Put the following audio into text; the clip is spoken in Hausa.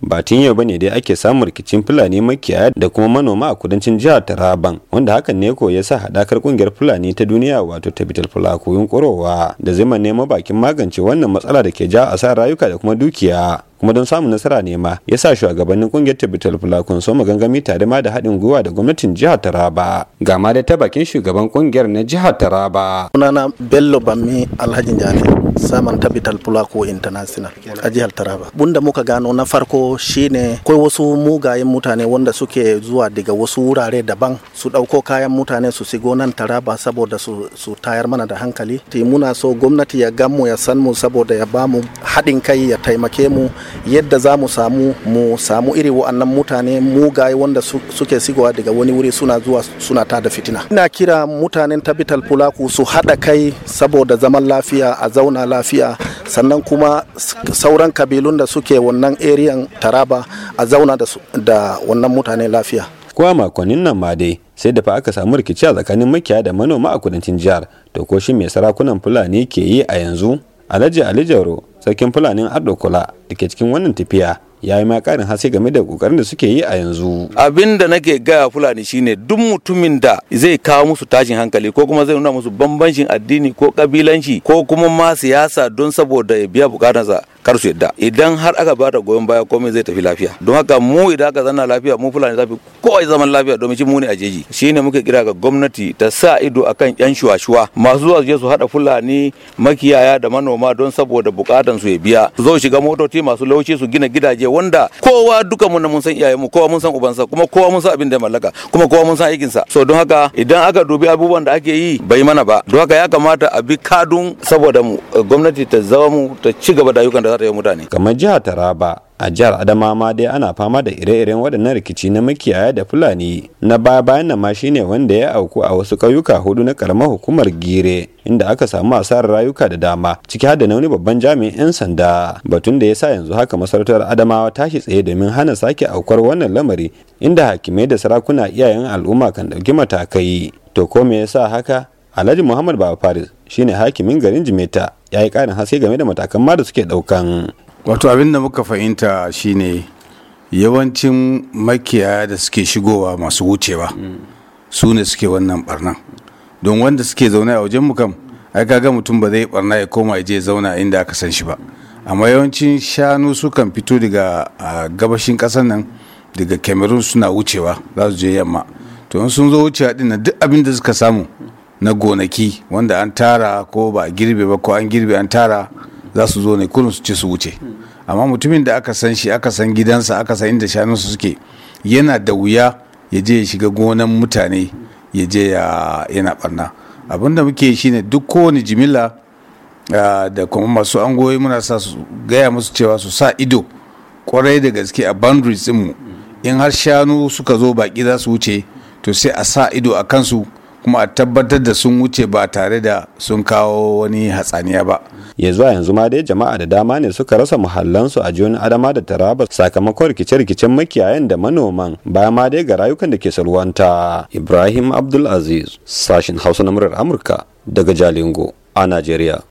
ba tun yau bane dai ake samun rikicin fulani makiyaya da kuma manoma a kudancin jihar taraban wanda hakan ne ko ya sa hadakar kungiyar fulani ta duniya wato tabital fulako yunkorowa da zai neman bakin magance wannan matsala da ke ja sa rayuka da kuma dukiya kuma don samun nasara ne ma ya sa shugabannin kungiyar tabbital fulakun soma gangami tare ma da haɗin gwiwa da gwamnatin jihar taraba ga ma da ta bakin shugaban kungiyar na jihar taraba sunana bello bammi alhaji jami saman tabbital fulako international a jihar taraba bunda muka gano na farko shine akwai wasu mugayen mutane wanda suke zuwa daga wasu wurare daban su ɗauko kayan mutane su shigo nan taraba saboda su, su tayar mana da hankali muna so gwamnati ya gamu ya san mu saboda ya bamu haɗin kai ya taimake mu yadda za mu samu mu samu iri wa'annan mutane mugaye wanda suke sigowa daga wani wuri suna zuwa suna ta da fitina ina kira mutanen tabital fulaku su haɗa kai saboda zaman lafiya a zauna lafiya sannan kuma sauran kabilun da suke wannan eriyan taraba a zauna da, wannan mutane lafiya kowa makonnin nan ma dai sai da fa aka samu rikici a tsakanin makiya da manoma a kudancin jihar to ko shi mai sarakunan fulani ke yi a yanzu alhaji ali sarkin fulanin kula. dake cikin wannan tafiya ya yi makarin karin hasi game da kokarin da suke yi a yanzu abin da nake gaya fulani shine duk mutumin da zai kawo musu tashin hankali ko kuma zai nuna musu bambancin addini ko kabilanci ko kuma ma siyasa don saboda ya biya bukatarsa kar su yadda idan har aka ba da goyon baya komai zai tafi lafiya don haka mu idan aka zanna lafiya mu fulani zafi ko zaman lafiya domin shi mu ne a jeji shine muke kira ga gwamnati ta sa ido akan yan shuwa-shuwa masu zuwa su hada fulani makiyaya da manoma don saboda bukatan su ya biya su zo shiga motoci masu laushi su gina gidaje wanda kowa duka mun mun san iyayenmu kowa mun san ubansa kuma kowa mun san abin da ya mallaka kuma kowa mun san aikin sa so don haka idan aka dubi abubuwan da ake yi bai mana ba don haka ya kamata a bi kadun saboda mu gwamnati ta zama mu ta ci gaba da ayyukan da zare mutane kamar jihar taraba a jihar adama dai ana fama da ire-iren waɗannan rikici na makiyaya da fulani na baya bayan nan ma shine wanda ya auku a wasu ƙauyuka hudu na ƙaramar hukumar gire inda aka samu asarar rayuka da dama ciki har da nauni babban jami'in 'yan sanda batun da ya sa yanzu haka masarautar adamawa tashi tsaye domin hana sake aukar wannan lamari inda hakimai da sarakuna iyayen al'umma kan ɗauki matakai to ko me yasa haka alhaji muhammad baba faris shine hakimin garin jimeta ya yi ƙarin haske game da matakan ma da suke ɗaukan. wato abin da muka fahimta shine yawancin makiyaya da suke shigowa masu wucewa su ne suke wannan barna don wanda suke zaune a wajen kam ai kaga mutum ba zai barna ya koma ya je zauna inda aka san shi ba amma yawancin shanu su kan fito daga gabashin ƙasar nan daga cameroon suna wucewa za su je yamma to sun zo wucewa din duk abin da suka samu na gonaki wanda an tara ko ba a girbe ba ko an girbe an tara za su zo ne kurin su ci su wuce amma mutumin da aka san shi aka san gidansa aka san inda shanunsu suke yana da wuya ya je ya shiga gonan mutane ya je yana barna abinda da muke ne duk kowane jimila ah, da kuma masu angoyi muna sa su gaya musu cewa su sa ido kwarai da gaske a boundaries mu in har shanu suka zo baki za su wuce to sai a sa ido a kansu kuma a tabbatar da sun wuce ba tare da sun kawo wani hatsaniya ba ya zuwa yanzu ma dai jama'a da dama ne suka rasa muhallansu a jihohin adama da taraba sakamakon rikice-rikicen makiyayan da manoman bayan ma dai ga rayukan da ke salwanta ibrahim abdulaziz sashin hausa na murar amurka daga jalingo a najeriya